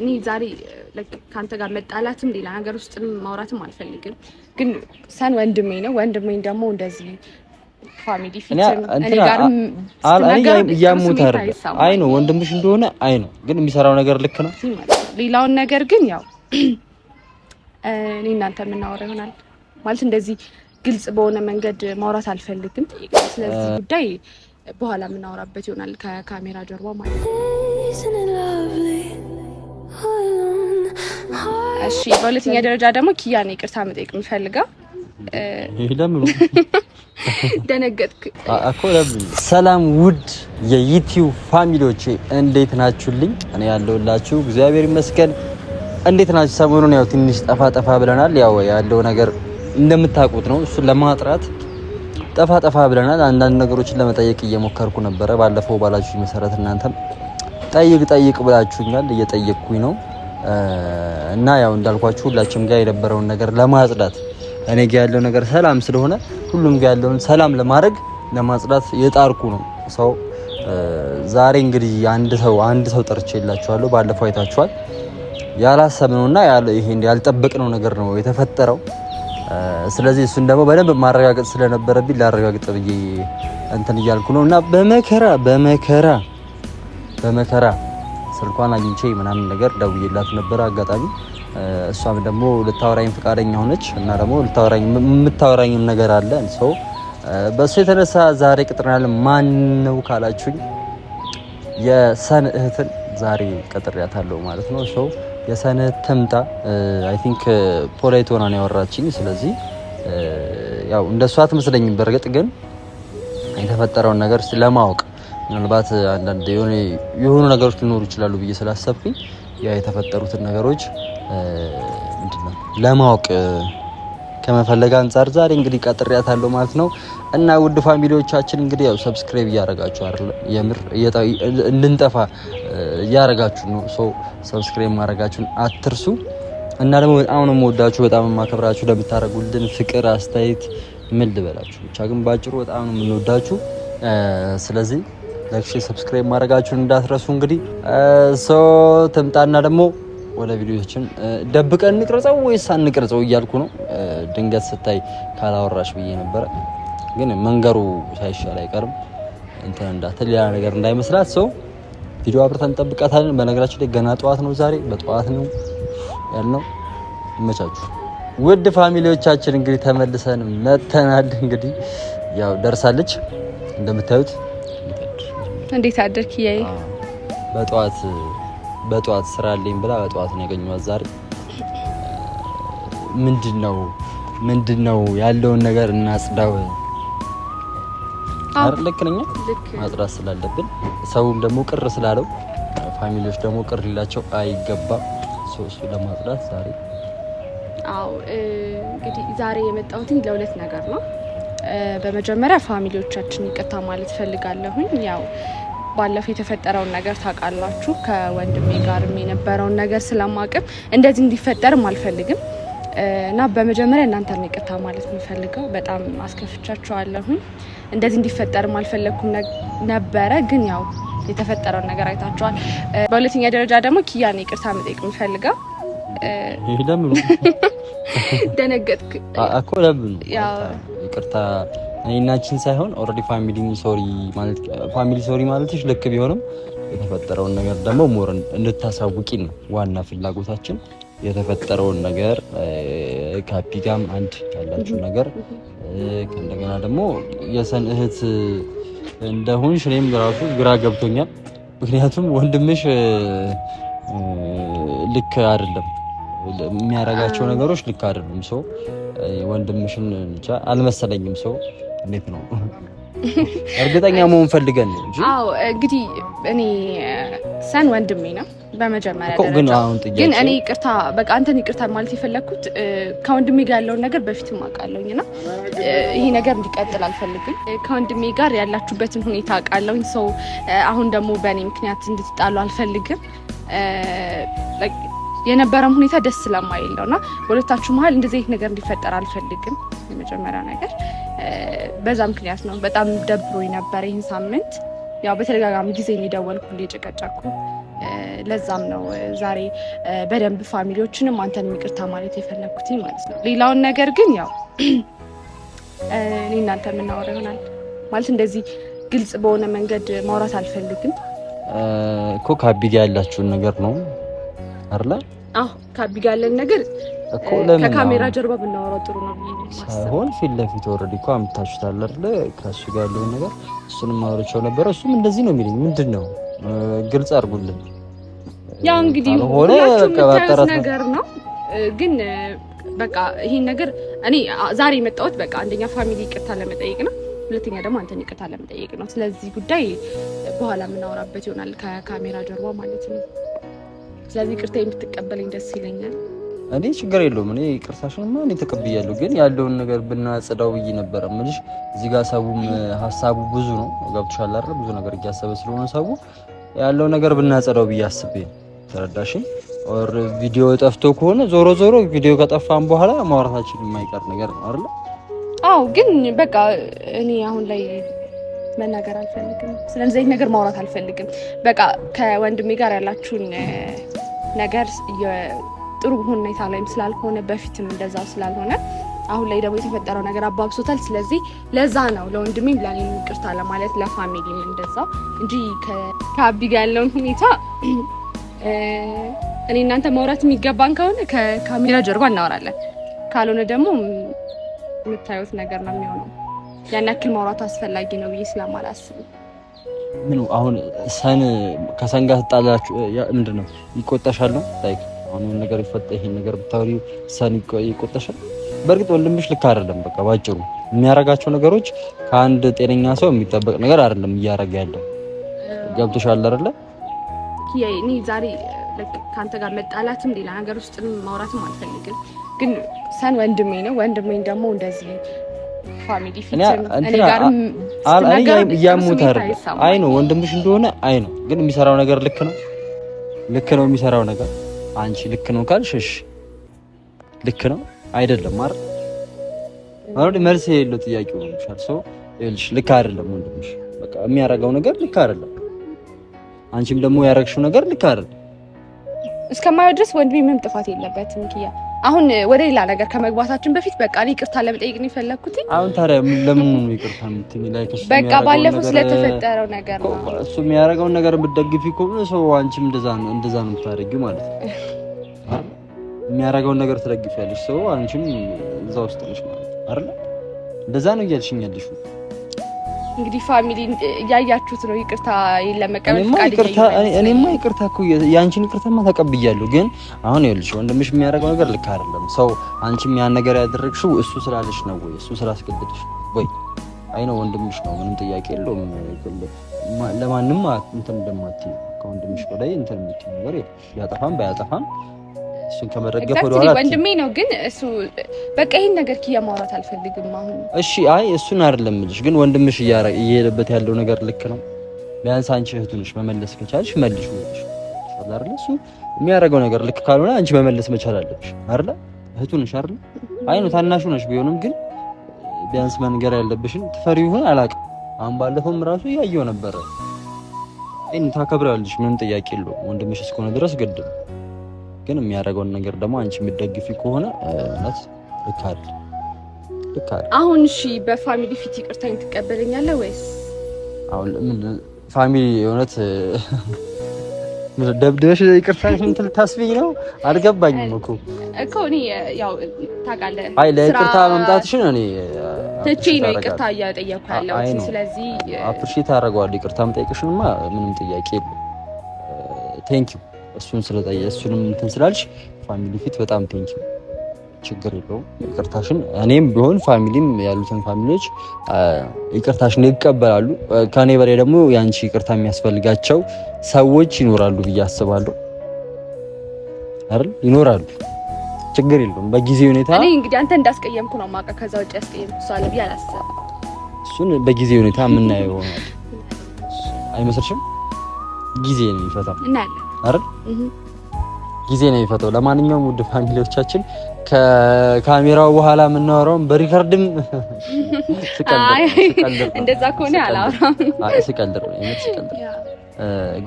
እኔ ዛሬ ከአንተ ጋር መጣላትም ሌላ ነገር ውስጥ ማውራትም አልፈልግም፣ ግን ሰን ወንድሜ ነው። ወንድሜ ደግሞ እንደዚህ ፋሚሊ ፊት እኔ አይ ነው ወንድምሽ እንደሆነ አይ ነው፣ ግን የሚሰራው ነገር ልክ ነው። ሌላውን ነገር ግን ያው እኔ እናንተ የምናወራ ይሆናል ማለት እንደዚህ ግልጽ በሆነ መንገድ ማውራት አልፈልግም። ስለዚህ ጉዳይ በኋላ የምናወራበት ይሆናል ከካሜራ ጀርባ ማለት ነው። እሺ በሁለተኛ ደረጃ ደግሞ ኪያን ይቅርታ መጠየቅ የምፈልገው ደነገጥክ እኮ። ሰላም ውድ የዩቲዩብ ፋሚሊዎች እንዴት ናችሁልኝ? እኔ ያለሁላችሁ እግዚአብሔር ይመስገን። እንዴት ናችሁ? ሰሞኑን ያው ትንሽ ጠፋ ጠፋ ብለናል። ያው ያለው ነገር እንደምታውቁት ነው። እሱን ለማጥራት ጠፋ ጠፋ ብለናል። አንዳንድ ነገሮችን ለመጠየቅ እየሞከርኩ ነበረ። ባለፈው ባላችሁ መሰረት እናንተም ጠይቅ ጠይቅ ብላችሁኛል፣ እየጠየቅኩኝ ነው እና ያው እንዳልኳችሁ ሁላችሁም ጋር የነበረውን ነገር ለማጽዳት እኔ ጋ ያለው ነገር ሰላም ስለሆነ ሁሉም ጋ ያለውን ሰላም ለማድረግ ለማጽዳት የጣርኩ ነው ሰው ዛሬ እንግዲህ አንድ ሰው አንድ ሰው ጠርቼ የላችኋለሁ። ባለፈው አይታችኋል። ያላሰብነውና ይሄ ያልጠበቅነው ነገር ነው የተፈጠረው። ስለዚህ እሱን ደግሞ በደንብ ማረጋገጥ ስለነበረብኝ ላረጋግጥ ብዬ እንትን እያልኩ ነው እና በመከራ በመከራ በመከራ ስልኳን አግኝቼ ምናምን ነገር ደውዬላት ነበረ። አጋጣሚ እሷም ደግሞ ልታወራኝ ፈቃደኛ ሆነች እና ደግሞ ልታወራኝ የምታወራኝም ነገር አለ ሰው በእሱ የተነሳ ዛሬ ቅጥርናል ማን ነው ካላችሁኝ የሰን እህትን ዛሬ ቀጥሬያታለሁ ማለት ነው። ሰው የሰን እህት ትምጣ። አይ ቲንክ ፖላይት ሆና ነው ያወራችኝ። ስለዚህ ያው እንደ እንደሷ አትመስለኝም። በእርግጥ ግን የተፈጠረውን ነገር ለማወቅ ምናልባት አንዳንድ የሆነ የሆኑ ነገሮች ሊኖሩ ይችላሉ ብዬ ስላሰብኩኝ ያ የተፈጠሩትን ነገሮች ምንድነው ለማወቅ ከመፈለግ አንጻር ዛሬ እንግዲህ ቀጥሬያታለሁ ማለት ነው። እና ውድ ፋሚሊዎቻችን እንግዲህ ያው ሰብስክራይብ እያደረጋችሁ የምር እንድንጠፋ እያደረጋችሁ ነው። ሶ ሰብስክራይብ ማድረጋችሁን አትርሱ። እና ደግሞ በጣም ነው የምወዳችሁ፣ በጣም የማከብራችሁ። ለምታደርጉልን ፍቅር፣ አስተያየት ምን ልበላችሁ ብቻ ግን ባጭሩ በጣም ነው የምንወዳችሁ። ስለዚህ ላይክ፣ ሼር፣ ሰብስክራይብ ማድረጋችሁን እንዳትረሱ። እንግዲህ ሶ ትምጣና ደግሞ ወደ ቪዲዮችን ደብቀን እንቅርጸው ወይስ አንቅርጸው እያልኩ ነው። ድንገት ስታይ ካላወራሽ ብዬ ነበረ፣ ግን መንገሩ ሳይሻል አይቀርም። እንትን እንዳትል ሌላ ነገር እንዳይመስላት ሰው ቪዲዮ አብርተን እንጠብቃታለን። በነገራችን ላይ ገና ጠዋት ነው፣ ዛሬ በጠዋት ነው ያልነው። ይመቻችሁ ውድ ፋሚሊዎቻችን። እንግዲህ ተመልሰን መተናል። እንግዲህ ያው ደርሳለች እንደምታዩት እንዴት አደርክ? እያየ በጠዋት በጠዋት ስራ አለኝ ብላ በጠዋት ነው ያገኘኋት ዛሬ። ምንድን ነው ምንድን ነው ያለውን ነገር እናጽዳው አር ልክ ነኝ። ማጽዳት ስላለብን ሰውም ደግሞ ቅር ስላለው ፋሚሊዎች ደግሞ ቅር ሊላቸው አይገባም። እሱ ለማጽዳት ዛሬ አዎ እንግዲህ ዛሬ የመጣሁትኝ ለሁለት ነገር ነው በመጀመሪያ ፋሚሊዎቻችን ይቅርታ ማለት ፈልጋለሁኝ። ያው ባለፈው የተፈጠረውን ነገር ታውቃላችሁ። ከወንድሜ ጋርም የነበረውን ነገር ስለማቅም እንደዚህ እንዲፈጠርም አልፈልግም እና በመጀመሪያ እናንተን ይቅርታ ማለት የምፈልገው በጣም አስከፍቻችኋለሁኝ። እንደዚህ እንዲፈጠርም አልፈለግኩም ነበረ፣ ግን ያው የተፈጠረውን ነገር አይታችኋል። በሁለተኛ ደረጃ ደግሞ ኪያን ይቅርታ መጠየቅ የምፈልገው ደነገጥክ እኮ ለምን? ይቅርታ እኔናችን ሳይሆን ኦልሬዲ ፋሚሊ ሶሪ ማለት ፋሚሊ ሶሪ ማለትሽ ልክ ቢሆንም የተፈጠረውን ነገር ደግሞ ሞር እንድታሳውቂ ነው ዋና ፍላጎታችን። የተፈጠረውን ነገር ካፒ ጋም አንድ ያላችሁ ነገር እንደገና ደግሞ የሰን እህት እንደሆንሽ እኔም ራሱ ግራ ገብቶኛል። ምክንያቱም ወንድምሽ ልክ አይደለም። የሚያደርጋቸው ነገሮች ልክ አይደሉም። ሰው ወንድምሽን ብቻ አልመሰለኝም። ሰው እንዴት ነው እርግጠኛ መሆን ፈልገን ነው አዎ እንግዲህ እኔ ሰን ወንድሜ ነው በመጀመሪያ ግን እኔ ይቅርታ በቃ አንተን ይቅርታ ማለት የፈለግኩት ከወንድሜ ጋር ያለውን ነገር በፊትም አውቃለሁኝ እና ይሄ ነገር እንዲቀጥል አልፈልግም። ከወንድሜ ጋር ያላችሁበትን ሁኔታ አውቃለሁኝ። ሰው አሁን ደግሞ በእኔ ምክንያት እንድትጣሉ አልፈልግም። የነበረም ሁኔታ ደስ ስለማይል ነው እና በሁለታችሁ መሀል እንደዚህ አይነት ነገር እንዲፈጠር አልፈልግም። የመጀመሪያ ነገር በዛ ምክንያት ነው። በጣም ደብሮ የነበረ ይህን ሳምንት ያው በተደጋጋሚ ጊዜ የደወልኩ የጨቀጨኩ ለዛም ነው ዛሬ በደንብ ፋሚሊዎችንም አንተን ይቅርታ ማለት የፈለግኩት ማለት ነው። ሌላውን ነገር ግን ያው እኔ እናንተ የምናወራ ይሆናል ማለት እንደዚህ ግልጽ በሆነ መንገድ ማውራት አልፈልግም እኮ ከአቢጋ ያላችሁን ነገር ነው አለ አዎ ካቢ ጋር ያለን ነገር ከካሜራ ጀርባ ብናወራው ጥሩ ነው ሳይሆን ፊት ለፊት ኦልሬዲ እኮ አምታችሁታል አይደለ? ከእሱ ጋር ያለውን ነገር እሱንም አውርቼው ነበረ። እሱም እንደዚህ ነው የሚለኝ። ምንድን ነው ግልጽ አድርጉልኝ። ያው እንግዲህ ሁላችሁም ነገር ነው ግን በቃ ይሄን ነገር እኔ ዛሬ የመጣሁት በቃ አንደኛ ፋሚሊ ይቅርታ ለመጠየቅ ነው። ሁለተኛ ደግሞ አንተን ይቅርታ ለመጠየቅ ነው። ስለዚህ ጉዳይ በኋላ የምናወራበት ይሆናል ከካሜራ ጀርባ ማለት ነው። ስለዚህ ቅርታ የምትቀበለኝ ደስ ይለኛል። እኔ ችግር የለውም። እኔ ይቅርታሽንማ እኔ ተቀብያለሁ፣ ግን ያለውን ነገር ብናጽዳው ብዬ ነበረ የምልሽ። እዚህ ጋር ሰቡም ሀሳቡ ብዙ ነው፣ ገብቶሻል አይደል? ብዙ ነገር እያሰበ ስለሆነ ሰቡ ያለው ነገር ብናጸዳው ብዬ አስቤ ተረዳሽ። ኦር ቪዲዮ ጠፍቶ ከሆነ ዞሮ ዞሮ ቪዲዮ ከጠፋም በኋላ ማውራታችን የማይቀር ነገር ነው አይደል? አዎ፣ ግን በቃ እኔ አሁን ላይ መናገር አልፈልግም። ስለዚህ ነገር ማውራት አልፈልግም። በቃ ከወንድሜ ጋር ያላችሁን ነገር ጥሩ ሁኔታ ላይም ስላልሆነ በፊትም እንደዛ ስላልሆነ አሁን ላይ ደግሞ የተፈጠረው ነገር አባብሶታል። ስለዚህ ለዛ ነው ለወንድሜም ለኔም ይቅርታ ለማለት ለፋሚሊም እንደዛው እንጂ ከአቢ ጋር ያለውን ሁኔታ እኔ እናንተ ማውራት የሚገባን ከሆነ ከካሜራ ጀርባ እናወራለን፣ ካልሆነ ደግሞ የምታዩት ነገር ነው የሚሆነው። ያን ያክል ማውራቱ አስፈላጊ ነው ብዬ ስለማላስብ ምን አሁን ሰን ከሰን ጋር ትጣላችሁ ምንድን ነው ይቆጣሻል ነው ላይክ አሁን ነገር ይፈጠ ይሄን ነገር ብታወሪ ሰን ይቆጣሻል በእርግጥ ወንድምሽ ልክ አይደለም በቃ ባጭሩ የሚያረጋቸው ነገሮች ከአንድ ጤነኛ ሰው የሚጠበቅ ነገር አይደለም እያረገ ያለው ገብቶሻል አይደለ እኔ ዛሬ ከአንተ ጋር መጣላትም ሌላ ነገር ውስጥ ማውራትም አልፈልግም ግን ሰን ወንድሜ ነው ወንድሜን ደግሞ እንደዚህ ፋሚሊ ፊት እያሙታር አይ ነው ወንድምሽ እንደሆነ አይ ነው። ግን የሚሰራው ነገር ልክ ነው፣ ልክ ነው የሚሰራው ነገር። አንቺ ልክ ነው ካልሽሽ ልክ ነው አይደለም አይደል? ማለት መልስ የሌለው ጥያቄ ነው ሰው ይኸውልሽ፣ ልክ አይደለም ወንድምሽ፣ በቃ የሚያረጋው ነገር ልክ አይደለም። አንቺም ደግሞ ያረግሽው ነገር ልክ አይደለም። እስከማየው ድረስ ወንድሜ ምንም ጥፋት የለበትም። ኪያ አሁን ወደ ሌላ ነገር ከመግባታችን በፊት በቃ ይቅርታ ለመጠየቅ ነው የፈለግኩት። አሁን ታዲያ ለምን ይቅርታ የምትይኝ? በቃ ባለፈው ስለተፈጠረው ነገር ነው። እሱ የሚያደርገውን ነገር ብደግፊ ከሆነ ሰው አንቺም እንደዛ ነው እንደዛ ነው የምታደርጊው ማለት ነው። የሚያደርገውን ነገር ትደግፊያለሽ፣ ሰው አንቺም እዛ ውስጥ ነሽ ማለት አይደል? እንደዛ ነው እያልሽኝ ያለሽው እንግዲህ ፋሚሊ እያያችሁት ነው። ይቅርታ ለመቀበል እኔማ ይቅርታ እኮ የአንቺን ይቅርታማ ተቀብያለሁ። ግን አሁን ይኸውልሽ ወንድምሽ የሚያደርገው ነገር ልክ አይደለም። ሰው አንቺም ያን ነገር ያደረግሽው እሱ ስላለሽ ነው ወይ እሱ ስላስገድድሽ ወይ? አይ ነው ወንድምሽ ነው፣ ምንም ጥያቄ የለውም። ለማንም እንትን እንደማትዪ ከወንድምሽ በላይ እንትን የምትዪ ነገር ያጠፋም ባያጠፋም እሱን ከመረገፍ ወደ ኋላ ወንድሜ ነው፣ ግን እሱ በቃ ይሄን ነገር ኪያ ማውራት አልፈልግም አሁን። እሺ አይ እሱን አይደለም ልሽ፣ ግን ወንድምሽ እየሄደበት ያለው ነገር ልክ ነው። ቢያንስ አንቺ እህቱ ነሽ፣ መመለስ ከቻልሽ መልሽ ልሽ አይደል? እሱ የሚያደርገው ነገር ልክ ካልሆነ አንቺ መመለስ መቻል አለብሽ አይደል? እህቱ ነሽ አይደል? አይ ነው ታናሹ ነሽ፣ ቢሆንም ግን ቢያንስ መንገር ያለብሽን ትፈሪ ይሁን አላውቅም። አሁን ባለፈውም ራሱ እያየው ነበረ። ታከብሪዋለሽ፣ ምንም ጥያቄ የለውም። ወንድምሽ እስከሆነ ድረስ ግድ ነው። ግን የሚያደርገውን ነገር ደግሞ አንቺ የምትደግፊ ከሆነ እውነት ልክ አይደል? ልክ አይደል? አሁን እሺ፣ በፋሚሊ ፊት ይቅርታኝ ትቀበለኛለህ ወይስ አሁን ምን ፋሚሊ የእውነት ደብድበሽ ይቅርታ እንትን ልታስቢኝ ነው? አልገባኝም እኮ እኮ እኔ ያው ታውቃለህ፣ አይ ለይቅርታ መምጣትሽን እኔ ትቼ ነው ይቅርታ እያጠየኩ ያለሁት። ስለዚህ አፕሪሺየት አደርገዋለሁ። ይቅርታ መጠየቅሽንማ ምንም ጥያቄ የለም። ቴንኪው እሱን ስለጠየ እሱንም እንትን ስላልሽ ፋሚሊ ፊት በጣም ቴንኪ። ችግር የለውም ይቅርታሽን፣ እኔም ቢሆን ፋሚሊም ያሉትን ፋሚሊዎች ይቅርታሽን ይቀበላሉ። ከኔ በላይ ደግሞ የአንቺ ይቅርታ የሚያስፈልጋቸው ሰዎች ይኖራሉ ብዬ አስባለሁ። አይደል? ይኖራሉ። ችግር የለውም። በጊዜ ሁኔታ እኔ እንግዲህ አንተ እንዳስቀየምኩ ነው የማውቀው። ከዛ ውጭ ያስቀየምኩ ሰው አለ ብዬ አላስብም። እሱን በጊዜ ሁኔታ የምናየው ይሆናል። አይመስልሽም? ጊዜ ነው የሚፈታው። አይደል? ጊዜ ነው የሚፈተው። ለማንኛውም ውድ ፋሚሊዎቻችን ከካሜራው በኋላ የምናወራውን በሪከርድም እንደዛ ከሆነ አላወራም። ስቀልድ ነው ስቀልድ፣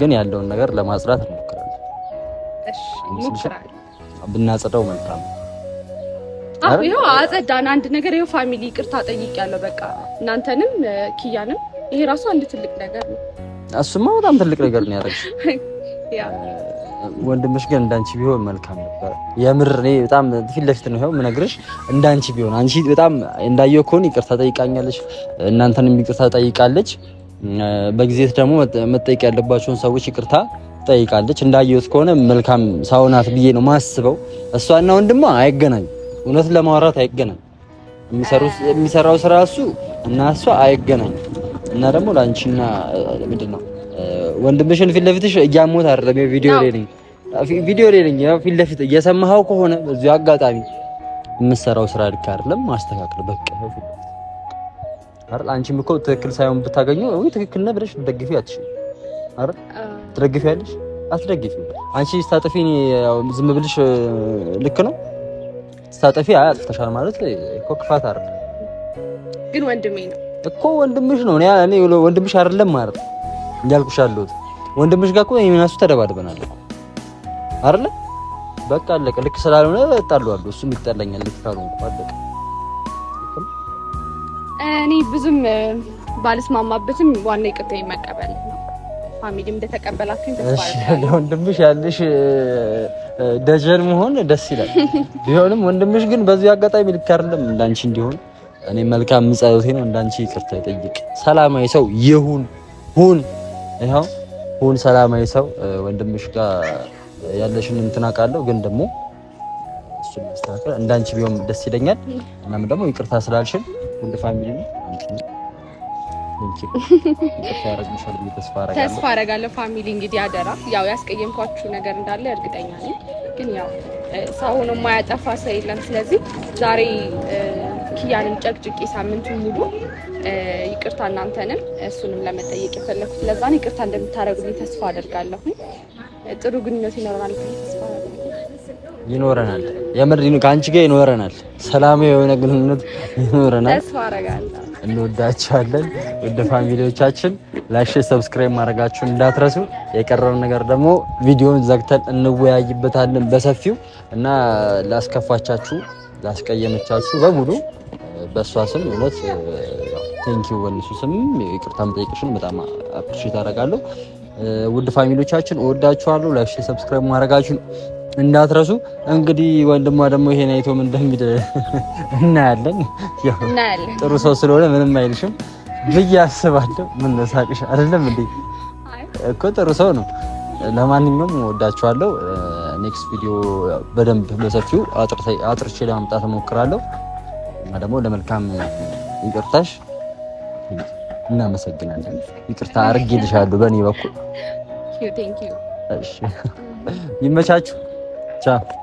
ግን ያለውን ነገር ለማጽዳት እንሞክራለን። ብናጸዳው መልካም ይኸው አጸዳን። አንድ ነገር ይኸው ፋሚሊ ይቅርታ ጠይቄያለሁ። በቃ እናንተንም ኪያንም ይሄ ራሱ አንድ ትልቅ ነገር ነው። እሱማ በጣም ትልቅ ነገር ነው ያደረግሽው ወንድምሽ ግን እንዳንቺ ቢሆን መልካም ነበር። የምር እኔ በጣም ፊት ለፊት ነው የምነግርሽ፣ እንዳንቺ ቢሆን አንቺ በጣም እንዳየሁ ከሆነ ይቅርታ ጠይቃኛለች፣ እናንተንም ይቅርታ ጠይቃለች። በጊዜ ደግሞ መጠየቅ ያለባቸውን ሰዎች ይቅርታ ጠይቃለች። እንዳየሁት ከሆነ መልካም ሰው ናት ብዬ ነው ማስበው። እሷና ወንድሟ አይገናኝ፣ እውነት ለማውራት አይገናኝ። የሚሰራው ስራ እሱ እና እሷ አይገናኝ። እና ደግሞ ለአንቺና ምንድን ነው ወንድምሽን ፊት ለፊትሽ እያሞት አይደለም። ቪዲዮ ላይ ነኝ፣ ቪዲዮ ላይ ነኝ። ያው ፊት ለፊት እየሰማኸው ከሆነ በዚሁ አጋጣሚ የምትሰራው ስራ ልክ አይደለም፣ ማስተካከል በቃ አይደል። አንቺም እኮ ትክክል ሳይሆን ብታገኙ ወይ ትክክል ነህ ብለሽ ትደግፊ አትችልም አይደል? ትደግፊያለሽ አትደግፊ። አንቺ ስታጠፊ ዝም ብልሽ ልክ ነው። ስታጠፊ አይ አጥፍተሻል ማለት እኮ ክፋት አይደለም። ግን ወንድሜ ነው እኮ ወንድምሽ ነው። እኔ ወንድምሽ አይደለም ማለት እያልኩሽ አለሁት። ወንድምሽ ጋር እኮ እኔና እሱ ተደባድበናል አይደለ? በቃ አለቀ። ልክ ስላልሆነ እጣለዋለሁ። እሱም ይጠላኛል። ልክ ካልሆንኩ አለቀ። እኔ ብዙም ባልስማማበትም ዋና ይቅርታ መቀበል ፋሚሊ እንደተቀበላችሁ ወንድምሽ ያለሽ ደጀን መሆን ደስ ይላል። ቢሆንም ወንድምሽ ግን በዚህ አጋጣሚ ልክ አይደለም። እንዳንቺ እንዲሆን እኔ መልካም ምጸሎቴ ነው። እንዳንቺ ይቅርታ ይጠይቅ፣ ሰላማዊ ሰው ይሁን ሁን ይኸው ሁን ሰላማዊ ሰው ወንድምሽ ጋር ያለሽን እንትን አውቃለሁ፣ ግን ደግሞ እሱን ማስተካከል እንዳንቺ ቢሆን ደስ ይለኛል። እናም ደግሞ ይቅርታ ስላልሽን ሁሉ ፋሚሊ ነው ተስፋ አደርጋለሁ። ፋሚሊ እንግዲህ አደራ፣ ያው ያስቀየምኳችሁ ነገር እንዳለ እርግጠኛ ነኝ፣ ግን ያው ሰው ሆኖ የማያጠፋ ሰው የለም። ስለዚህ ዛሬ ኪያንም ጨቅጭቄ ሳምንቱን ሙሉ ይቅርታ እናንተንም እሱንም ለመጠየቅ የፈለኩት ለዛ ነው። ይቅርታ እንደምታደርጉልኝ ተስፋ አደርጋለሁ። ጥሩ ግንኙነት ይኖረናል ተስፋ ይኖረናል። የምር ከአንቺ ጋር ይኖረናል። ሰላም የሆነ ግንኙነት ይኖረናል ተስፋ አደርጋለሁ። እንወዳችኋለን ፋሚሊዎቻችን፣ ላይክ፣ ሰብስክራይብ ማድረጋችሁን እንዳትረሱ። የቀረን ነገር ደግሞ ቪዲዮን ዘግተን እንወያይበታለን በሰፊው እና ላስከፋቻችሁ ላስቀየመቻችሁ በሙሉ በእሷ ስም እውነት ቴንኪ በእነሱ ስምም ይቅርታ መጠየቅሽን በጣም አፕሪሼት አደርጋለሁ። ውድ ፋሚሊዎቻችን እወዳችኋለሁ። ላይክ፣ ሰብስክራይብ ማድረጋችሁን እንዳትረሱ። እንግዲህ ወንድሟ ደግሞ ይሄን አይቶ ምን እንደሚል እናያለን። ጥሩ ሰው ስለሆነ ምንም አይልሽም ብዬ አስባለሁ። ምን ነሳቅሽ? አይደለም እንዴ? እኮ ጥሩ ሰው ነው። ለማንኛውም እወዳችኋለሁ። ኔክስት ቪዲዮ በደንብ በሰፊው አጥርቼ ለማምጣት እሞክራለሁ እና ደግሞ ለመልካም ይቅርታሽ እናመሰግናለን። ይቅርታ አድርጌልሻለሁ በእኔ በኩል። ይመቻችሁ። ቻው